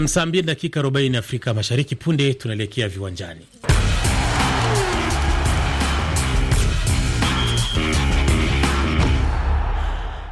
na saa mbili dakika arobaini Afrika Mashariki. Punde tunaelekea viwanjani.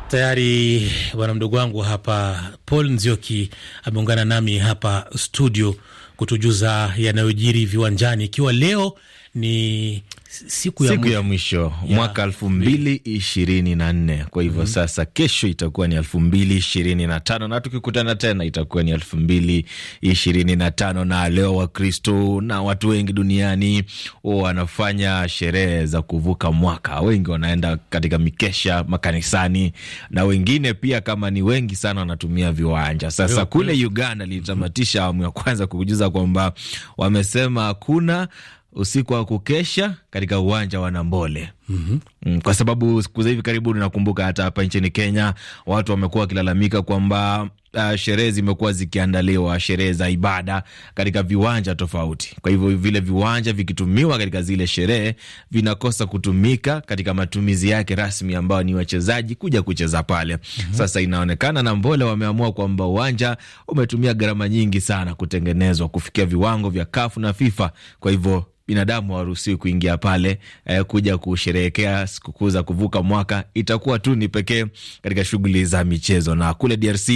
Tayari bwana mdogo wangu hapa Paul Nzioki ameungana nami hapa studio kutujuza yanayojiri viwanjani, ikiwa leo ni siku ya siku mwisho, ya mwisho yeah, mwaka elfu mbili ishirini na nne. Kwa hivyo mm -hmm. Sasa kesho itakuwa ni elfu mbili ishirini na tano na tukikutana tena itakuwa ni elfu mbili ishirini na tano na leo Wakristo na watu wengi duniani wanafanya sherehe za kuvuka mwaka. Wengi wanaenda katika mikesha makanisani, na wengine pia, kama ni wengi sana, wanatumia viwanja. Sasa leo, kule Uganda lilitamatisha awamu ya kwanza kukujuza kwamba wamesema hakuna usiku wa kukesha katika uwanja wa Nambole. Mhm. Mm -hmm. Kwa sababu siku za hivi karibuni nakumbuka hata hapa nchini Kenya watu wamekuwa wakilalamika kwamba uh, sherehe zimekuwa zikiandaliwa, sherehe za ibada katika viwanja tofauti. Kwa hivyo vile viwanja vikitumiwa katika zile sherehe vinakosa kutumika katika matumizi yake rasmi, ambao ni wachezaji kuja kucheza pale. Mm -hmm. Sasa inaonekana na Mbole wameamua kwamba uwanja umetumia gharama nyingi sana kutengenezwa kufikia viwango vya kafu na FIFA, kwa hivyo binadamu hawaruhusiwi kuingia pale eh, kuja kusherehekea sikukuu za kuvuka mwaka, itakuwa tu ni pekee katika shughuli za michezo. Na kule DRC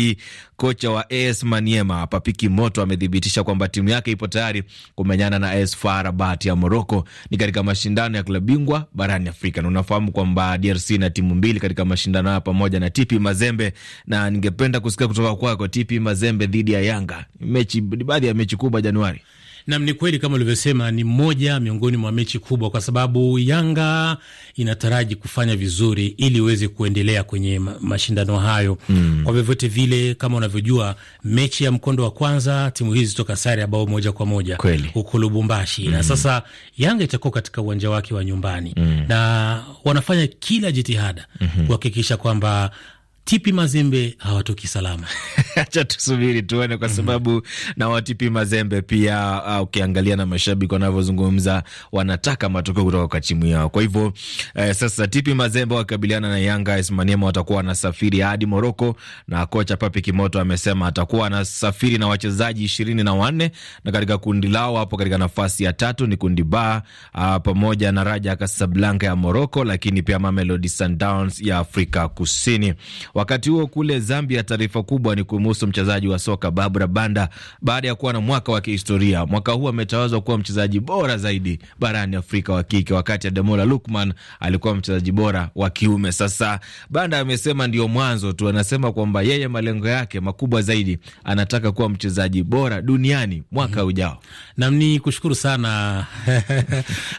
kocha wa AS Maniema Papiki Moto amethibitisha kwamba timu yake ipo tayari kumenyana na AS FAR Rabat ya Moroko ni katika mashindano ya klabu bingwa barani Afrika, na unafahamu kwamba DRC na timu mbili katika mashindano haya pamoja na TP Mazembe, na ningependa kusikia kutoka kwako, TP Mazembe dhidi ya Yanga, mechi baadhi ya mechi kubwa Januari. Nam, ni kweli kama ulivyosema, ni moja miongoni mwa mechi kubwa, kwa sababu Yanga inataraji kufanya vizuri ili iweze kuendelea kwenye mashindano hayo mm. Kwa vyovyote vile, kama unavyojua, mechi ya mkondo wa kwanza timu hizi toka sare ya bao moja kwa moja huko Lubumbashi mm. Na sasa Yanga itakuwa katika uwanja wake wa nyumbani mm. na wanafanya kila jitihada mm -hmm. kuhakikisha kwamba Tipi Mazembe hawatoki salama. Acha tusubiri tuone, kwa mhm. sababu mm -hmm. na watipi Mazembe pia uh, ukiangalia, uh, na mashabiki wanavyozungumza, wanataka matokeo kutoka kwa timu yao. Kwa hivyo eh, sasa Tipi Mazembe wakabiliana na Yanga AS Maniema, watakuwa wanasafiri hadi Moroko, na kocha Papi Kimoto amesema atakuwa anasafiri na wachezaji ishirini na wanne na katika kundi lao hapo katika nafasi ya tatu ni kundi ba uh, pamoja na Raja Kasablanka ya Moroko, lakini pia Mamelodi Sundowns ya Afrika Kusini Wakati huo kule Zambia, taarifa kubwa ni kumhusu mchezaji wa soka Babra Banda baada ya kuwa na mwaka wa kihistoria. Mwaka huu ametawazwa kuwa mchezaji bora zaidi barani Afrika wa kike, wakati Ademola Lukman alikuwa mchezaji bora wa kiume. Sasa Banda amesema ndio mwanzo tu, anasema kwamba yeye malengo yake makubwa zaidi, anataka kuwa mchezaji bora duniani mwaka mhm. ujao. Nam ni kushukuru sana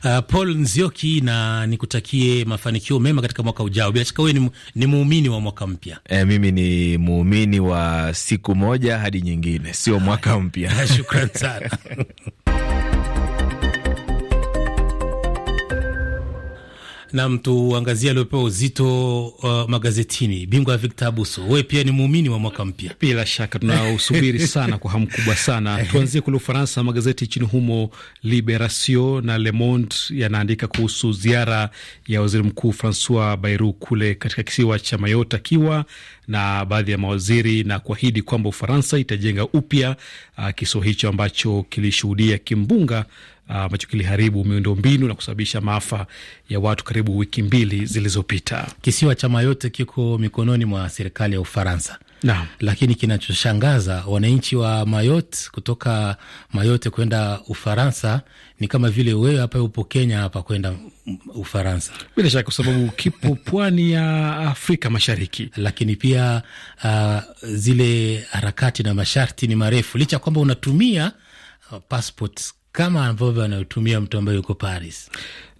uh, Paul Nzioki na nikutakie mafanikio mema katika mwaka ujao. Bila shaka wewe ni, ni muumini wa mwaka mpya mpya e, mimi ni muumini wa siku moja hadi nyingine, sio mwaka mpya. Shukran sana Nam, tuangazia aliopewa uzito uh, magazetini. Bingwa ya Victor Abuso, wewe pia ni muumini wa mwaka mpya, bila shaka tunausubiri sana kwa hamu kubwa sana. Tuanzie kule Ufaransa, magazeti nchini humo Liberation na Le Monde yanaandika kuhusu ziara ya waziri mkuu Francois Bayrou kule katika kisiwa cha Mayotte akiwa na baadhi ya mawaziri na kuahidi kwamba Ufaransa itajenga upya uh, kisiwa hicho ambacho kilishuhudia kimbunga uh, ambacho uh, kiliharibu mbinu na kusababisha maafa ya watu karibu wiki mbili zilizopita. Kisiwa cha Mayotte kiko mikononi mwa serikali ya Ufaransa na, lakini kinachoshangaza wananchi wa Mayotte kutoka Mayotte kwenda Ufaransa ni kama vile wewe hapa upo Kenya hapa kwenda Ufaransa, bila shaka, kwa sababu kipo pwani ya Afrika Mashariki. Lakini pia uh, zile harakati na masharti ni marefu, licha ya kwamba unatumia uh, passport kama ambavyo anayotumia mtu ambaye yuko Paris.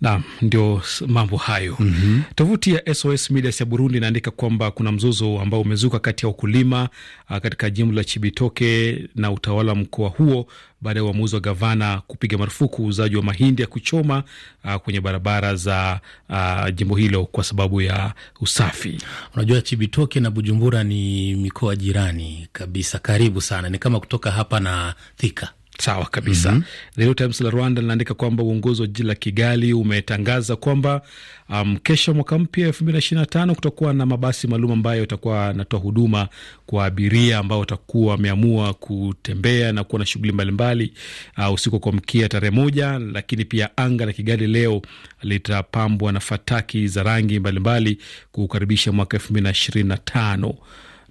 Naam, ndio mambo hayo. mm -hmm. Tovuti ya SOS Medias ya Burundi inaandika kwamba kuna mzozo ambao umezuka kati ya wakulima ah, katika jimbo la Chibitoke na utawala wa mkoa huo baada ya uamuzi wa gavana kupiga marufuku uuzaji wa mahindi ya kuchoma a, ah, kwenye barabara za a, ah, jimbo hilo kwa sababu ya usafi. Unajua, Chibitoke na Bujumbura ni mikoa jirani kabisa, karibu sana, ni kama kutoka hapa na Thika. Sawa kabisa. mm -hmm. The New Times la Rwanda linaandika kwamba uongozi wa jiji la Kigali umetangaza kwamba um, kesho mwaka mpya elfu mbili na ishirini na tano kutakuwa na mabasi maalum ambayo itakuwa anatoa huduma kwa abiria ambao watakuwa wameamua kutembea na kuwa na shughuli mbalimbali uh, usiku kwa mkia tarehe moja. Lakini pia anga la Kigali leo litapambwa na fataki za rangi mbalimbali kukaribisha mwaka elfu mbili na ishirini na tano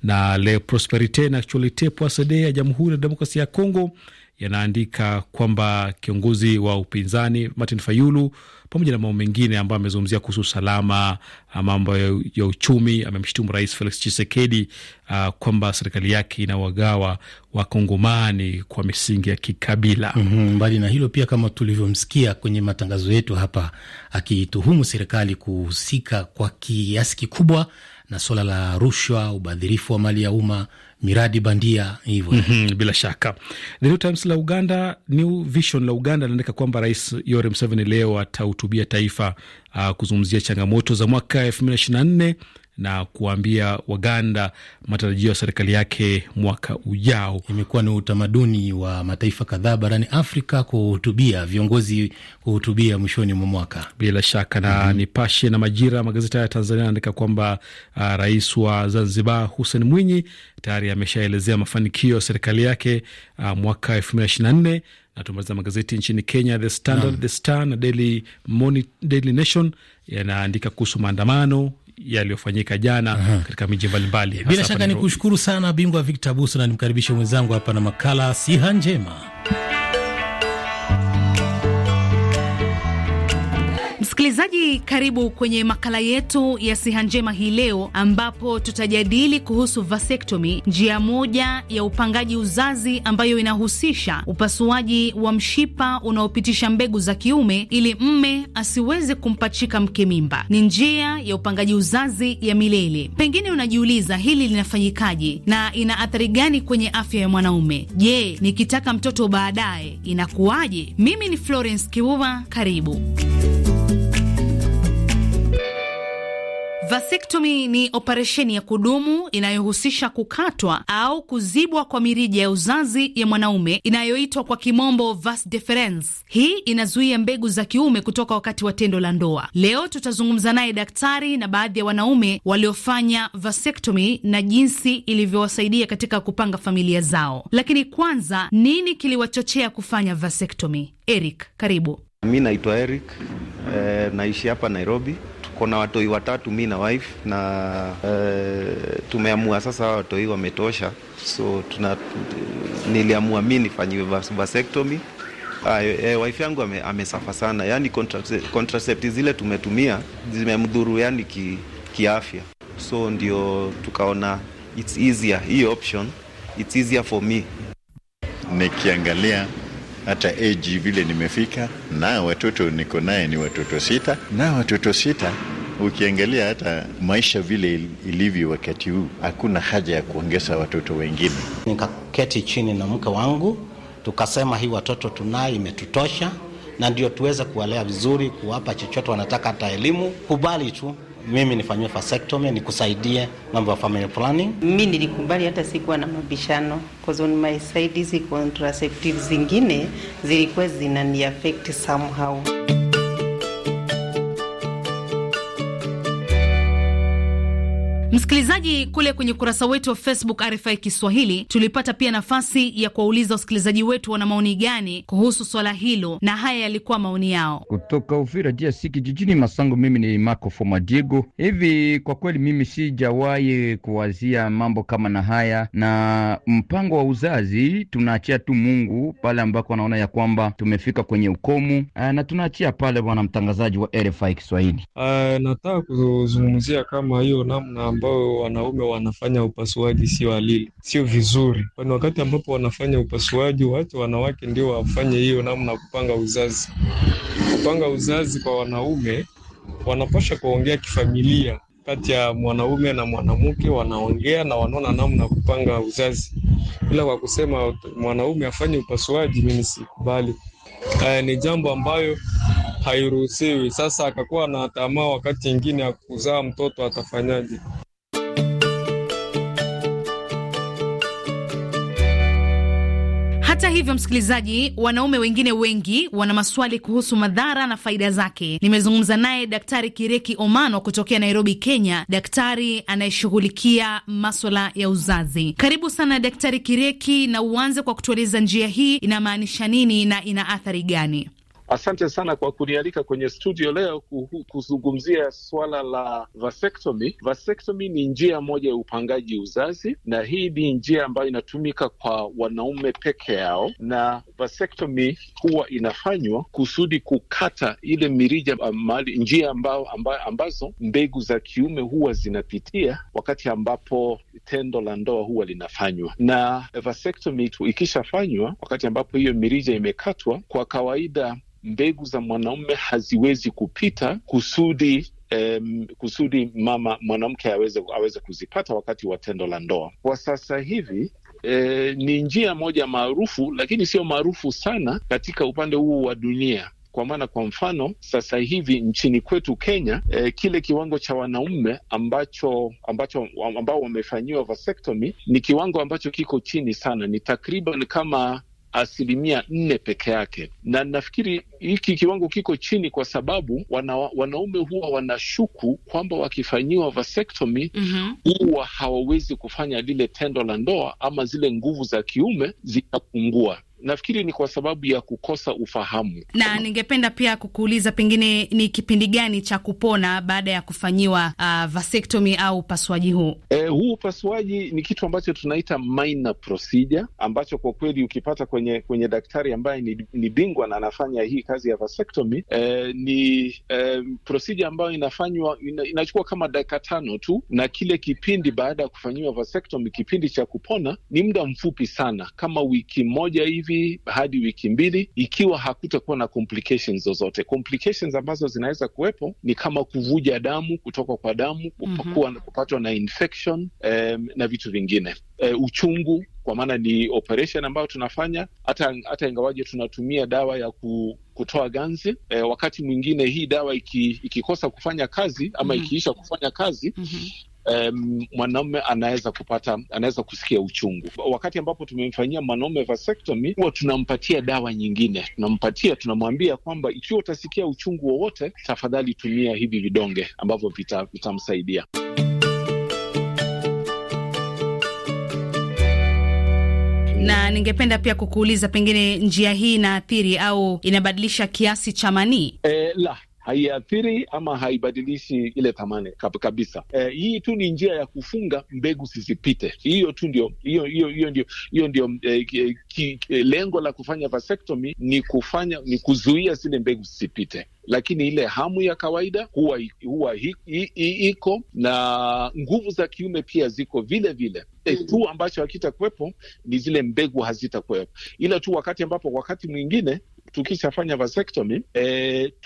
na Le Prosperite na Actualite Poisede ya Jamhuri ya Demokrasia ya congo yanaandika kwamba kiongozi wa upinzani Martin Fayulu pamoja na mambo mengine ambayo amezungumzia kuhusu usalama, ah, mambo ya uchumi, amemshutumu Rais Felix chisekedi uh, ah, kwamba serikali yake inawagawa Wakongomani kwa misingi ya kikabila. mm -hmm. Mbali na hilo pia, kama tulivyomsikia kwenye matangazo yetu hapa akituhumu serikali kuhusika kwa kiasi kikubwa na suala la rushwa, ubadhirifu wa mali ya umma miradi bandia hivyo. mm -hmm, bila shaka The New Times la Uganda, New Vision la Uganda linaandika kwamba Rais Yoweri Museveni leo atahutubia taifa uh, kuzungumzia changamoto za mwaka elfu mbili na ishirini na nne na kuwaambia Waganda matarajio ya serikali yake mwaka ujao. Imekuwa ni utamaduni wa mataifa kadhaa barani Afrika kuhutubia viongozi, kuhutubia mwishoni mwa mwaka bila shaka na mm -hmm. Nipashe na Majira, magazeti ya Tanzania anaandika kwamba uh, rais wa Zanzibar Hussein Mwinyi tayari ameshaelezea mafanikio ya serikali yake uh, mwaka elfu mbili ishirini na nne natumaliza magazeti nchini Kenya, The Standard, The Star na Daily Daily Nation yanaandika kuhusu maandamano yaliyofanyika jana Aha. katika miji mbalimbali. Bila shaka ni kushukuru sana bingwa Victor Buso, na nimkaribishe mwenzangu hapa na makala siha njema. Msikilizaji, karibu kwenye makala yetu ya siha njema hii leo, ambapo tutajadili kuhusu vasektomi, njia moja ya upangaji uzazi ambayo inahusisha upasuaji wa mshipa unaopitisha mbegu za kiume ili mme asiweze kumpachika mke mimba. Ni njia ya upangaji uzazi ya milele. Pengine unajiuliza hili linafanyikaje na ina athari gani kwenye afya ya mwanaume? Je, nikitaka mtoto baadaye inakuwaje? Mimi ni Florence Kiuva, karibu. Vasektomi ni operesheni ya kudumu inayohusisha kukatwa au kuzibwa kwa mirija ya uzazi ya mwanaume inayoitwa kwa kimombo vas deferens. Hii inazuia mbegu za kiume kutoka wakati wa tendo la ndoa. Leo tutazungumza naye daktari na baadhi ya wanaume waliofanya vasektomi na jinsi ilivyowasaidia katika kupanga familia zao. Lakini kwanza, nini kiliwachochea kufanya vasektomi? Eric, karibu. Mi naitwa Eric, eh, naishi hapa Nairobi niko na watoi watatu mi na wife na uh, tumeamua sasa hawa watoi wametosha, so tuna, niliamua mi nifanyiwe vasectomy. Eh, wife yangu ame, amesafa sana yani contraceptive zile tumetumia zimemdhuru yani ki, kiafya, so ndio tukaona it's easier hii option, it's easier for me. Nikiangalia hata age vile nimefika na watoto niko naye ni watoto sita na watoto sita Ukiangalia hata maisha vile ilivyo wakati huu, hakuna haja ya kuongeza watoto wengine. Nikaketi chini na mke wangu tukasema, hii watoto tunayo imetutosha, na ndio tuweze kuwalea vizuri, kuwapa chochote wanataka, hata elimu. Kubali tu mimi nifanyiwe vasectomy nikusaidie mambo ya family planning. Mimi nilikubali, hata sikuwa na mabishano, cause on my side hizi zingine zilikuwa zinani somehow. Msikilizaji, kule kwenye ukurasa wetu wa Facebook RFI Kiswahili tulipata pia nafasi ya kuwauliza wasikilizaji wetu wana maoni gani kuhusu swala hilo, na haya yalikuwa maoni yao. Kutoka Uvira DRC kijijini Masango, mimi ni Marco Foma Diego. Hivi kwa kweli mimi sijawahi kuwazia mambo kama na haya, na mpango wa uzazi tunaachia tu Mungu pale ambako anaona ya kwamba tumefika kwenye ukomu, eh, na tunaachia pale, bwana mtangazaji wa RFI Kiswahili. Uh, nataka kuzungumzia kama hiyo namna ambao wanaume wanafanya upasuaji sio halili, sio vizuri, kwani wakati ambapo wanafanya upasuaji wacha wanawake ndio wafanye hiyo namna kupanga uzazi. Kupanga uzazi kwa wanaume, wanapasha kuongea kifamilia kati ya mwanaume na mwanamke wanaongea na wanaona namna kupanga uzazi, ila kwa kusema mwanaume afanye upasuaji, mimi sikubali. Eh, ni jambo ambayo hairuhusiwi. Sasa akakuwa na tamaa wakati ingine ya kuzaa mtoto, atafanyaje? Hata hivyo, msikilizaji, wanaume wengine wengi wana maswali kuhusu madhara na faida zake. Nimezungumza naye Daktari Kireki Omano kutokea Nairobi, Kenya, daktari anayeshughulikia maswala ya uzazi. Karibu sana Daktari Kireki, na uanze kwa kutueleza njia hii inamaanisha nini na ina athari gani? Asante sana kwa kunialika kwenye studio leo kuzungumzia swala la vasectomy. Vasectomy ni njia moja ya upangaji uzazi, na hii ni njia ambayo inatumika kwa wanaume peke yao, na vasectomy huwa inafanywa kusudi kukata ile mirija uh, mali, njia ambao, amba, ambazo mbegu za kiume huwa zinapitia wakati ambapo tendo la ndoa huwa linafanywa. Na vasectomy ikishafanywa, wakati ambapo hiyo mirija imekatwa, kwa kawaida mbegu za mwanaume haziwezi kupita kusudi Um, kusudi mama mwanamke aweze aweze kuzipata wakati wa tendo la ndoa. Kwa sasa hivi eh, ni njia moja maarufu, lakini sio maarufu sana katika upande huu wa dunia kwa maana kwa mfano sasa hivi nchini kwetu Kenya eh, kile kiwango cha wanaume ambacho ambacho ambao wamefanyiwa vasectomy ni kiwango ambacho kiko chini sana, ni takriban kama asilimia nne peke yake, na nafikiri hiki kiwango kiko chini kwa sababu wana, wanaume huwa wanashuku kwamba wakifanyiwa huwa mm -hmm. huwa hawawezi kufanya lile tendo la ndoa ama zile nguvu za kiume zitapungua nafikiri ni kwa sababu ya kukosa ufahamu. Na ningependa pia kukuuliza pengine ni kipindi gani cha kupona baada ya kufanyiwa uh, vasectomy au upasuaji huu? E, huu upasuaji ni kitu ambacho tunaita minor procedure, ambacho kwa kweli ukipata kwenye kwenye daktari ambaye ni, ni bingwa na anafanya hii kazi ya vasectomy e, ni e, procedure ambayo inafanywa ina, inachukua kama dakika tano tu, na kile kipindi baada ya kufanyiwa vasectomy, kipindi cha kupona ni muda mfupi sana, kama wiki moja hivi fupi hadi wiki mbili, ikiwa hakutakuwa na complications zozote. Complications ambazo zinaweza kuwepo ni kama kuvuja damu, kutoka kwa damu, mhm. kupakua, mm -hmm. kupatwa na infection, na vitu vingine uh, uchungu kwa maana ni operation ambayo tunafanya hata hata ingawaje tunatumia dawa ya ku, kutoa ganzi e, wakati mwingine hii dawa iki, ikikosa kufanya kazi ama mm -hmm. ikiisha kufanya kazi mm -hmm. Um, mwanaume anaweza kupata anaweza kusikia uchungu. Wakati ambapo tumemfanyia mwanaume vasectomy, huwa tunampatia dawa nyingine, tunampatia tunamwambia kwamba ikiwa utasikia uchungu wowote, tafadhali tumia hivi vidonge ambavyo vitamsaidia vita Na ningependa pia kukuuliza pengine njia hii inaathiri au inabadilisha kiasi cha manii? E, la, haiathiri ama haibadilishi ile thamani kabisa. Eh, hii tu ni njia ya kufunga mbegu zisipite. Hiyo tu ndio, hiyo hiyo hiyo ndio, hiyo ndio e, ki, e, lengo la kufanya vasectomy ni kufanya ni kuzuia zile mbegu zisipite lakini ile hamu ya kawaida huwa huwa iko na nguvu za kiume pia ziko vile vile. E, mm. tu ambacho hakitakuwepo ni zile mbegu hazitakuwepo, ila tu wakati ambapo wakati mwingine tukishafanya vasektomi e,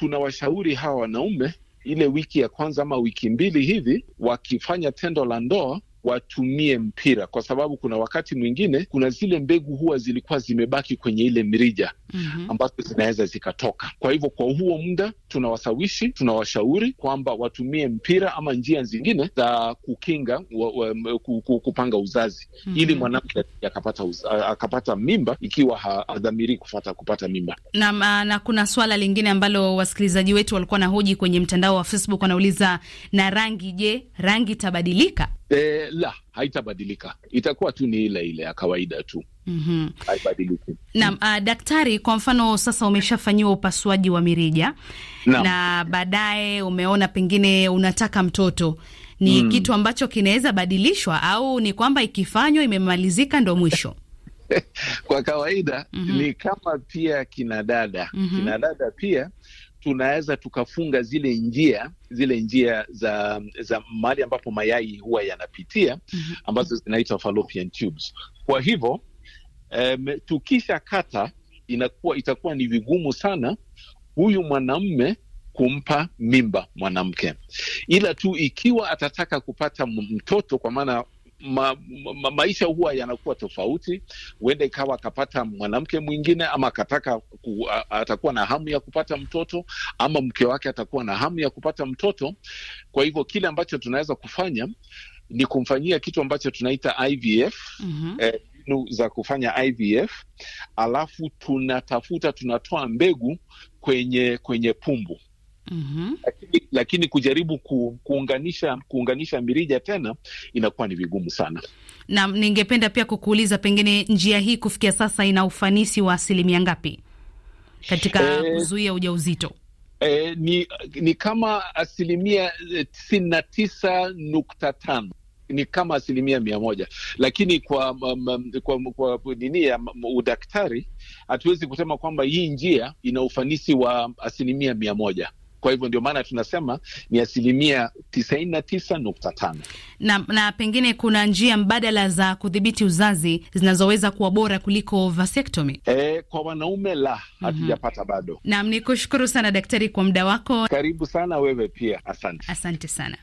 eh, washauri hawa wanaume ile wiki ya kwanza ama wiki mbili hivi, wakifanya tendo la ndoa watumie mpira, kwa sababu kuna wakati mwingine kuna zile mbegu huwa zilikuwa zimebaki kwenye ile mirija mm -hmm. ambazo zinaweza zikatoka. Kwa hivyo kwa huo muda tunawasawishi, tunawashauri kwamba watumie mpira ama njia zingine za kukinga wa, wa, kupanga uzazi mm -hmm. ili mwanamke akapata akapata mimba ikiwa hadhamiri kupata, kupata mimba na, na kuna swala lingine ambalo wasikilizaji wetu walikuwa na hoji kwenye mtandao wa Facebook, wanauliza na rangi. Je, rangi itabadilika? E, la haitabadilika, itakuwa tu ni ile ile ya kawaida tu. mm -hmm. Uh, daktari, kwa mfano sasa umeshafanyiwa upasuaji wa mirija na, na baadaye umeona pengine unataka mtoto, ni mm. kitu ambacho kinaweza badilishwa au ni kwamba ikifanywa imemalizika ndo mwisho? Kwa kawaida mm -hmm. ni kama pia kinadada mm -hmm. kinadada pia tunaweza tukafunga zile njia zile njia za za mahali ambapo mayai huwa yanapitia mhm. ambazo zinaitwa fallopian tubes. Kwa hivyo um, tukisha kata inakuwa itakuwa ni vigumu sana huyu mwanamme kumpa mimba mwanamke, ila tu ikiwa atataka kupata mtoto, kwa maana ma, ma, maisha huwa yanakuwa tofauti. Huenda ikawa akapata mwanamke mwingine, ama akataka ku, atakuwa na hamu ya kupata mtoto, ama mke wake atakuwa na hamu ya kupata mtoto. Kwa hivyo kile ambacho tunaweza kufanya ni kumfanyia kitu ambacho tunaita IVF mm -hmm. eh, za kufanya IVF alafu tunatafuta tunatoa mbegu kwenye kwenye pumbu mm-hmm. Lakini, lakini kujaribu ku, kuunganisha kuunganisha mirija tena inakuwa ni vigumu sana. Na ningependa pia kukuuliza pengine njia hii kufikia sasa ina ufanisi wa asilimia ngapi katika eh, kuzuia eh, ujauzito? Eh, ni, ni kama asilimia eh, tisini na tisa nukta tano ni kama asilimia mia moja lakini kwa um, kwa nini ya mm, udaktari hatuwezi kusema kwamba hii njia ina ufanisi wa asilimia mia moja kwa hivyo ndio maana tunasema ni asilimia tisaini na tisa nukta tano na, na pengine kuna njia mbadala za kudhibiti uzazi zinazoweza kuwa bora kuliko E, kwa wanaume la mhm. hatujapata mm -hmm. bado. nam ni kushukuru sana daktari kwa muda wako. Karibu sana wewe pia, asante, asante sana.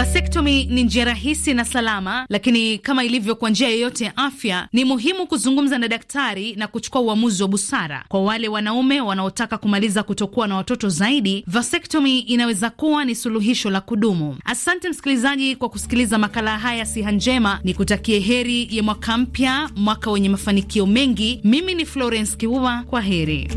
Vasektomi ni njia rahisi na salama, lakini kama ilivyo kwa njia yoyote ya afya, ni muhimu kuzungumza na daktari na kuchukua uamuzi wa busara. Kwa wale wanaume wanaotaka kumaliza kutokuwa na watoto zaidi, vasektomi inaweza kuwa ni suluhisho la kudumu. Asante msikilizaji kwa kusikiliza makala haya. Siha njema ni kutakie heri ya mwaka mpya, mwaka wenye mafanikio mengi. Mimi ni Florence Kiuva, kwa heri.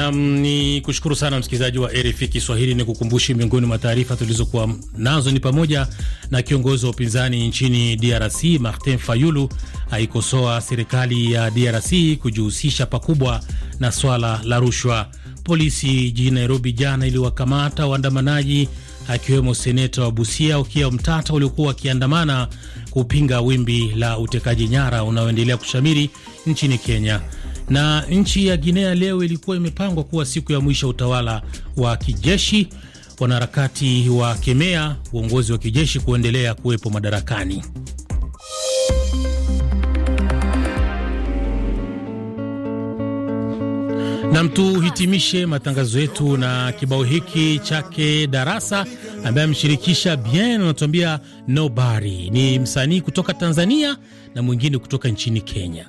Nam ni kushukuru sana msikilizaji wa RFI Kiswahili. Ni kukumbushi miongoni mwa taarifa tulizokuwa nazo ni pamoja na kiongozi wa upinzani nchini DRC Martin Fayulu aikosoa serikali ya DRC kujihusisha pakubwa na swala la rushwa. Polisi jijini Nairobi jana iliwakamata waandamanaji akiwemo seneta wa Busia Ukia Mtata waliokuwa wakiandamana kupinga wimbi la utekaji nyara unaoendelea kushamiri nchini Kenya. Na nchi ya Guinea leo ilikuwa imepangwa kuwa siku ya mwisho utawala wa kijeshi, wanaharakati wa kemea uongozi wa kijeshi kuendelea kuwepo madarakani. Nam, tuhitimishe matangazo yetu na kibao hiki chake Darasa ambaye amshirikisha Bien anatuambia Nobody. Ni msanii kutoka Tanzania na mwingine kutoka nchini Kenya.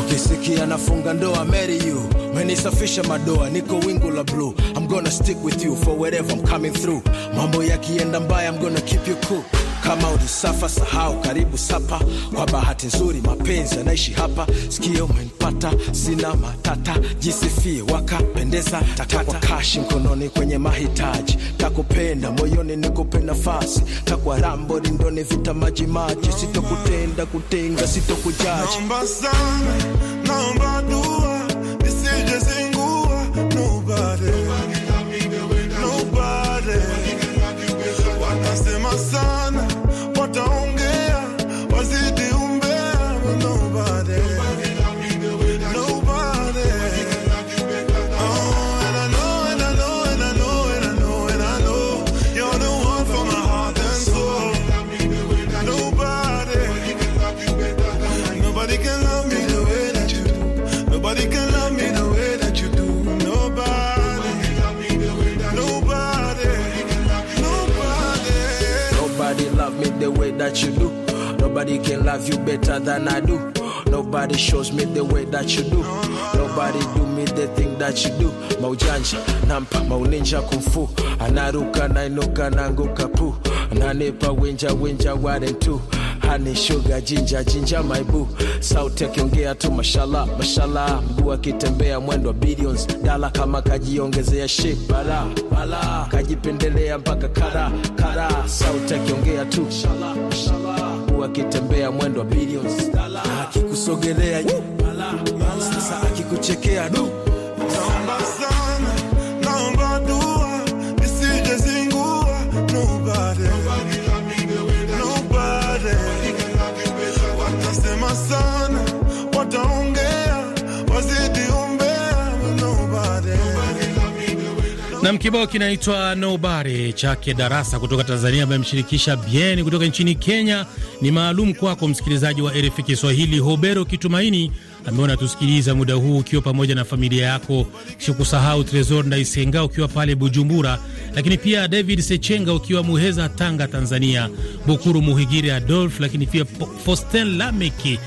Ukisikia nafunga ndoa marry you menisafisha madoa niko wingu la blue I'm gonna stick with you for wherever I'm coming through. Mambo yakienda mbaya I'm gonna keep you cool kama ulisafa sahau, karibu sapa. Kwa bahati nzuri mapenzi anaishi hapa, sikio umenipata, sina matata, jisifie wakapendeza, takata kashi mkononi kwenye mahitaji, takupenda moyoni nikupe nafasi, takwa rambo lindoni vita maji maji, sitokutenda kutenga, sitokujaji naomba sana, naomba that you do. Nobody can love you better than I do. Nobody shows me the way that you do. Nobody do me the thing that you do. Maujanja, nampa, mauninja kung fu. Anaruka, nainuka, nanguka pu. Nanepa, winja, winja, warren too. hani sugar jinja jinja my boo sauti akiongea tu mashala mashala mguu akitembea mwendo wa billions dala kama kajiongezea shape bala bala kajipendelea mpaka kara kara sauti akiongea tu mashala mashala mguu akitembea mwendo wa billions dala akikusogelea sasa akikuchekea du Nam kibao kinaitwa Nobare chake Darasa kutoka Tanzania, ambaye ameshirikisha Bien kutoka nchini Kenya. Ni maalum kwako msikilizaji wa RFI Kiswahili. Hobero Kitumaini ambaye unatusikiliza muda huu ukiwa pamoja na familia yako, sikusahau Tresor Ndaisenga ukiwa pale Bujumbura, lakini pia David Sechenga ukiwa Muheza, Tanga, Tanzania, Bukuru Muhigiri Adolf, lakini pia Fosten Lameki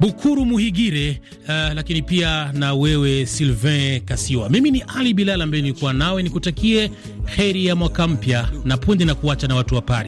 Bukuru Muhigire, uh, lakini pia na wewe Sylvain Kasiwa. Mimi ni Ali Bilal ambaye nilikuwa nawe, nikutakie heri ya mwaka mpya na punde na kuacha na watu wa